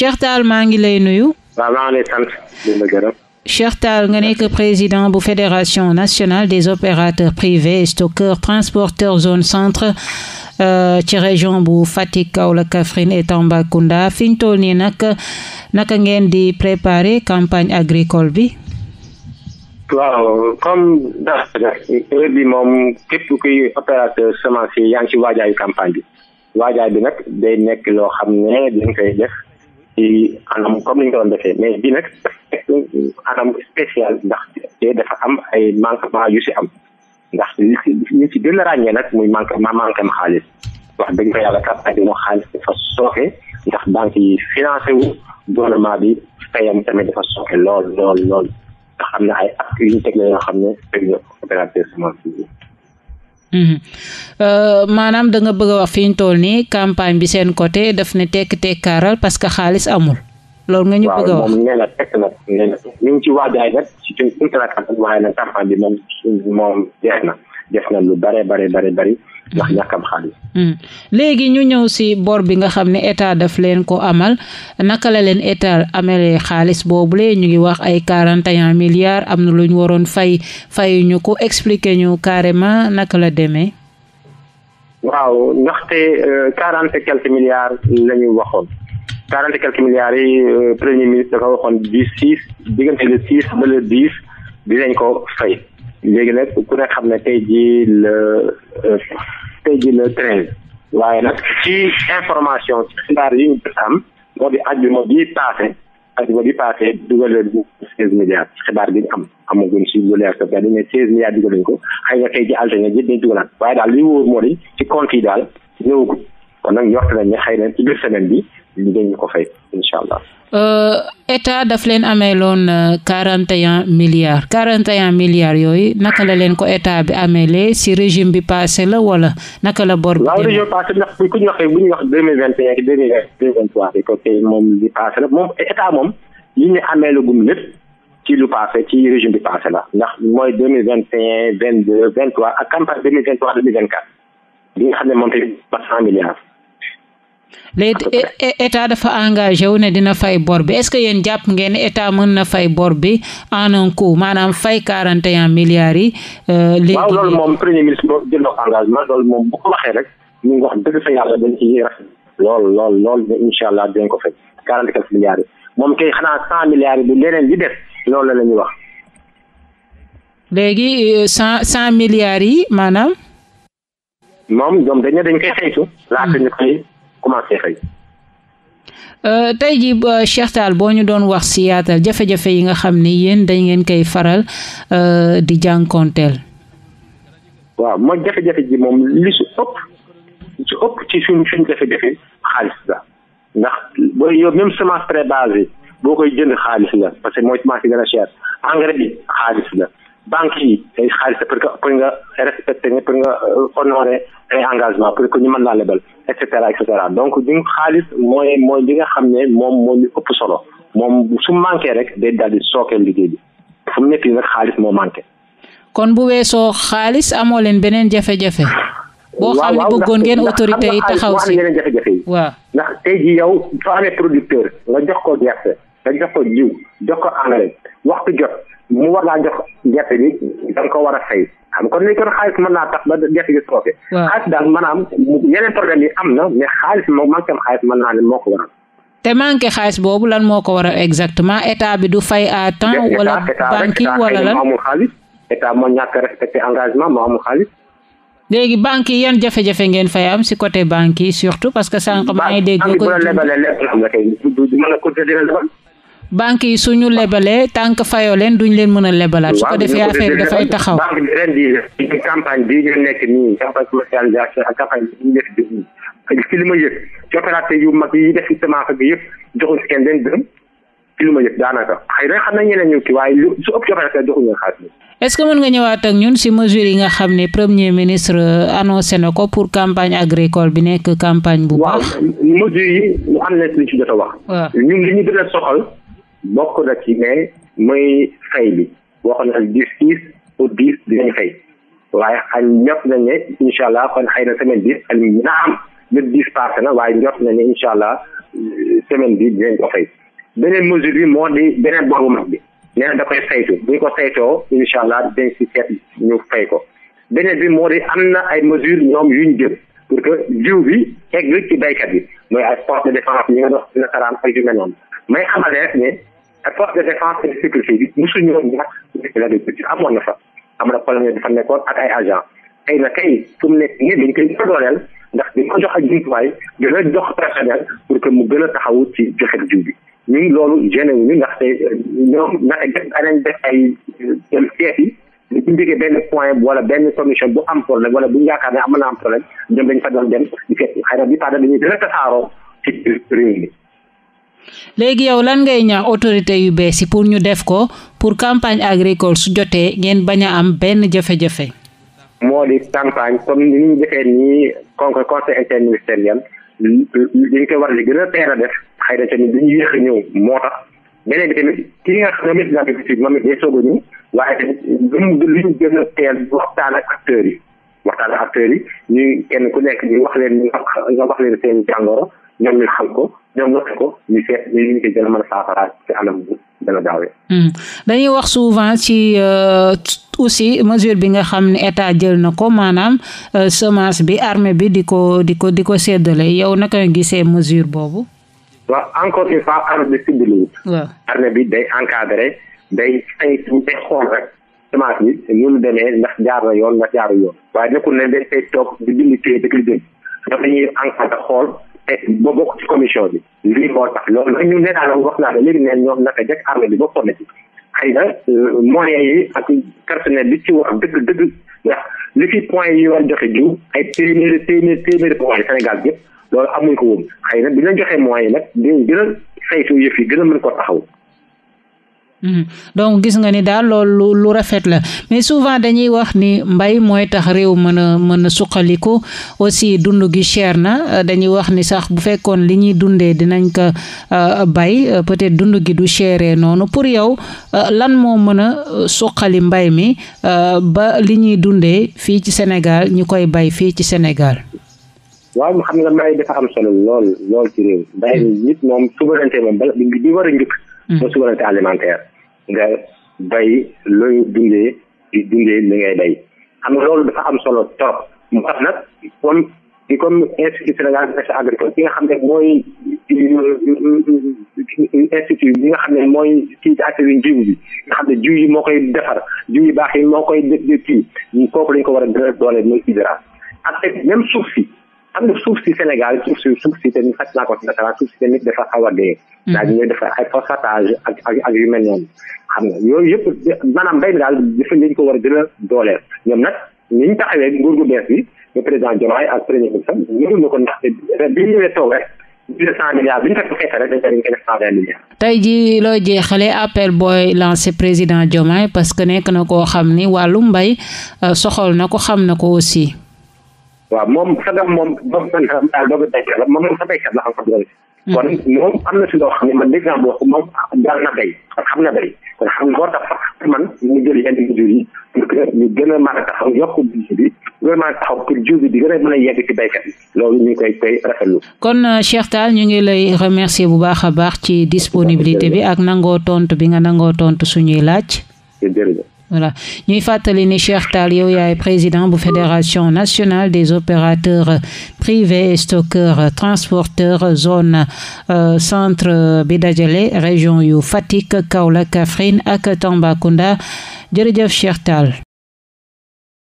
Cheikh Tall maa ngi lay nuyu. waaw maa lay sant di nga nekk président bu fédération nationale des opérateurs privés stockeurs transporteurs zone centre euh, ci région bu Fatick Kaolack Kaffrine et Tambacounda fi ñu toll nii nag naka ngeen di préparer campagne agricole bi. waaw comme daa heure bi moom képp kuy opérateur semencier yaa ci waajaayu campagne bi waajaay bi nag day nekk loo xam ne dañ koy def. ci anam comme ni ñu ko doon defee mais bi nag anam spécial ndax te dafa am ay manquement yu si am ndax li si li si gën ràññee nag muy manquement manqué ma xaalis wax dëgg fa yàlla kat addina xaalis dafa sooxe ndax banque yi financé wu gouvernement bi fayam tamit dafa sooxe lool lool lool ndax am na ay actes yu ñu teg la yoo xam ne dañoo opérateur semence bi. Mhm. Euh, maanaam da nga bëgg a wax fi ñu toll nii campagne bi seen côté daf ne tekk tekaaral parce que xaalis amul. loolu nga ñu bëgg a wax ñu ngi ci waajaay nag ci suñ def na lu bare bare bare bari ndax mm-hmm. ñàkkam xaalis mm-hmm. léegi ñu ñëw si bor bi nga xam ne état daf leen ko amal naka la leen état amalee xaalis boobu boobule ñu ngi wax ay quarante et un milliards am na lu ñu waroon fay ñu ko expliquer ñu carrément naka la demee waaw ndaxte euh, quarante et quelques milliards la ñu waxoon quarante et milliards yi euh, premier ministre dafa waxoon du six diggante le six ba le dix dinañ ko fay léegi nag ku ne xam ne tey jii la euh, tey jii la treize waaye nag ci information xibaar yi ñu jot am moo di àjjuma bi paase àjjuma bi paase dugal leen bu seize milliards xibaar bi ñu am amaguñ si lu leer sax dañu ne seize milliards dugal nañ ko xëy na tey jii altine ji dañ dugalaat waaye daal li wóor moo di ci compte yi daal ñëwagul kon nag njort nañ ni xay na ci biir semaine bi ñu dañ ko fay incha allah. Euh, état daf leen amee loon euh, quarante et un milliards quarante et milliards yooyu naka la leen ko état bi amee ameelee si régime bi passé la wala naka la bor la waaw régime passé ndax bu ñu waxee bu ñu wax deux mille vingt et un ak deux bi ko tey moom li état moom li ñu amee la gum lépp ci lu passé ci régime bi passé la ndax mooy deux mille vingt et deux vingt trois ak campagne deux mille vingt trois deux xam ne moom milliards. léegi état dafa engagé wu ne dina fay bor bi est-ce que yéen jàpp ngeen état mën na fay bor bi en un coup maanaam fay 41 milliards yi. Euh, léegi waaw loolu moom premier ministre boobu jël moom bu ko waxee wax dëgg yàlla dañ ciy lool lool lool de allah dinañ ko fay 44 milliards yi moom kay xanaa 100 milliards yi bi leneen di def la ñuy wax. léegi euh, cent cent milliards yi maanaam. moom ñoom dañ ne dañ koy saytu. Hmm. laata ñu koy commencé xëy. Uh, tey jii uh, Cheikh boo ñu doon wax si yaatal jafe-jafe yi nga xam ni yéen dañ ngeen koy faral uh, di jànkonteel. waaw mooy jafe-jafe ji moom li su ëpp li su ëpp ci suñ suñ jafe-jafe xaalis la ndax booy yow même semence très basée boo koy jënd xaalis la parce que mooy semence yi cher engrais bi xaalis la banque yi ay xaalis pour que pour nga respecté nga pour nga euh, honoré ay engagement pour que ñu mën laa lebal et cetera et donc ñu xaalis mooy mooy li nga xam ne moom moo ñu ëpp solo moom su manqué rek day daal di sookeel liggéey bi fu nekk nag xaalis moo manqué. kon bu weesoo xaalis amoo leen beneen jafe-jafe. boo xam ne bëggoon ngeen autorité yi taxaw si yeneen jafe-jafe yi waaw ndax tey jii yow soo amee producteur nga jox ko gerte nga jox ko jiw jox ko engrais waxtu jot mu war laa jox gerte bi da nga ko war a fay xam kon ni kon xaalis mën naa tax ba gerte gi sooke xaalis daal maanaam yeneen problème yi am na mais xaalis moom am xaalis mën naa ne moo ko waral te manqué xaalis boobu lan moo ko waral exactement état bi du fay à temps wala banque yi wala lan amul xaalis état moo ñàkk respecté engagement moo amul xaalis léegi banque yi jafe-jafe ngeen fay am si côté banque yi surtout parce que sànq maa ngi dégg ko banque yi suñu lebalee tànk fayoo leen duñ leen mën a lebalaat su ko defee affaire dafay taxaw banque bi ren campagne bi nekk nii campagne commercialisation ak campagne bi yu mag yi def ci semence bi yëpp joxuñu kenn leen dërëm ma yëg daanaka xëy nañ ñeneen ñu ci waaye lu su ëpp est-ce que mën nga ñëwaat ak ñun si mesure yi nga xam ne premier ministre annoncé na ko pour campagne agricole bi nekk campagne bu baax waaw mesure yi am na li ci jot a wax ñun bokk na ci ne mooy fay bi boo xam ne ak dix six ou dinañ fay waaye ak ñot na ne incha allah kon xëy na semaine bi ak dina am le dix na waaye ñot nañ ne incha allah euh, semaine bi dinañ ko fay beneen mesure bi moo di beneen bor bu mag bi saytu bu ñu ko saytoo incha allah dinañ si ñu fay ko beneen bi moo am na ay mesures ñoom yuñ jël pour que jiw bi egg ci baykat bi mooy ay porte de défense ñi nga ak yu mel force de défense et de sécurité bi mosuñu woon ñàkk ministère de amoon na fa am na colonel dafa nekkoon ak ay agent tey na kay fu mu nekk nii dañ koy gën ndax dañ ko jox ak jumtuwaay gën a jox personnel pour que mu gën a taxawu ci joxe jiw bi ñun loolu génne wuñu ndaxte euh, ñoom na danañ def ay euh, seet yi bu jógee benn point wala benn commission bu am problème wala bu ñu yaakaar ne am na am problème ñoom dañ fa doon dem di seet xëy na bi tax dañuy gën a tasaaroo ci réew mi léegi yow lan ngay ñaax autorité yu bees yi pour ñu def ko pour campagne agricole su jotee ngeen bañ a am benn jafe-jafe. moo di campagne comme ni ñu defee nii comme conseil interministériel li ñu koy war di gën a teel a def xëy na tamit dañuy yéex a ñëw moo tax beneen bi nga a ñëw waaye tamit ñu gën a teel waxtaan ak acteurs yi waxtaan acteurs yi ñuy kenn ku nekk ñu wax leen ñu wax leen seen jàngoro. ñoom xam ko ñoom noté a hmm. dañuy wax souvent ci euh, aussi mesure bi nga xam ne état jël na ko maanaam euh, semence bi armée bi di ko di ko di ko séddale yow naka nga gisee mesure boobu waa encore une fois armée bi siddaliwut waaw armée bi day encadré day xool rek semence bi ñu demee ndax jaar na yoon ndax jaaru yoon waaye nekkul ne day toog di bind téye dëkk li dén ñuy encadré xool boo bokk ci commission bi lii moo tax loolu nag ñu nee naa la wax naa la léegi neen ñoom naka jëkk armée bi ba sonn ci xëy na euh, moyens yi ak personnel bi ci war dëgg dëgg ndax li fi point yi war joxe jiw ay téeméeri téeméeri téeméeri points Sénégal yëpp loolu amuñ ko woon xëy na dinañ joxee moyens yi nag dinañ gën a saytu yëf yi gën a mën ko taxaw Mhm. donc gis nga ni daal loolu lu rafet la mais souvent dañuy wax ni mbay mooy tax réew mën a mën a suqaliku aussi dund gi cher na euh, dañuy wax ni sax bu fekkoon li ñuy dundee dinañ ko euh, bay euh, peut-être dund gi du chere noonu pour yow lan moo mën a suqali mbay mi ba li ñuy dundee fii ci senegal ñu koy bay fii ci senegal waaw xam nga mbay dafa am solo lool ci réew mbay nit moom souveraineté moom bala bi war njëkk. Mhm. mooy souveraineté alimentaire. nga bay looy dundee di dundee li ngay bay xam nga loolu dafa am solo trop moo tax nag comme di comme institut Sénégal recherche bi nga xam ne mooy institut bi nga xam ne mooy kii ci affaire jiw yi nga xam ne jiw yi moo koy defar jiw yu baax yi moo koy def de kii kooku lañ ko war a gën a doole mooy ISRA ak suuf si am na suuf si Sénégal suuf si suuf si dafa xaw a dee. Mhm. daal di ñuy def ay phosphatage ak ak yu mel noonu. xam nga yooyu yëpp maanaam mbay mi daal dafa dañ ko war a gën a dooleel ñoom nag ni ñu taxawee nguur gu bees bi le président Diomaye ak premier ministre ñëwul na ko ndaxte bi ñu bi ñu fekk xeex rek dañ koy def cent vingt tey jii looy jeexalee appel booy lancé président Diomaye parce que nekk na koo xam ni wàllu mbay euh, soxal na ko xam na ko aussi. waaw moom sagam moom doomu seen xaram daal doomu béykat la moom moom sa béykat la hmm. kon moom loo xam ne man dégg naa boo moom daal na béy kon xam tax man ñu jël individu ñu gën a mën a taxaw yokk jiw a mën a béykat loolu ñu ngi kon euh, Cheikh Tall ñu ngi lay remercier bu baax a baax ci disponibilité bi ak nangoo tontu bi nga nangoo tontu suñuy laaj jërëjëf voilà ñuy fàttali ni Cheikh Tall yow yaay président de fédération nationale des opérateurs privés et stockeurs transporteurs zone euh, centre bi dajale région yu Fatick Kaolack Kaffrine ak Tambacounda jërëjëf Cheikh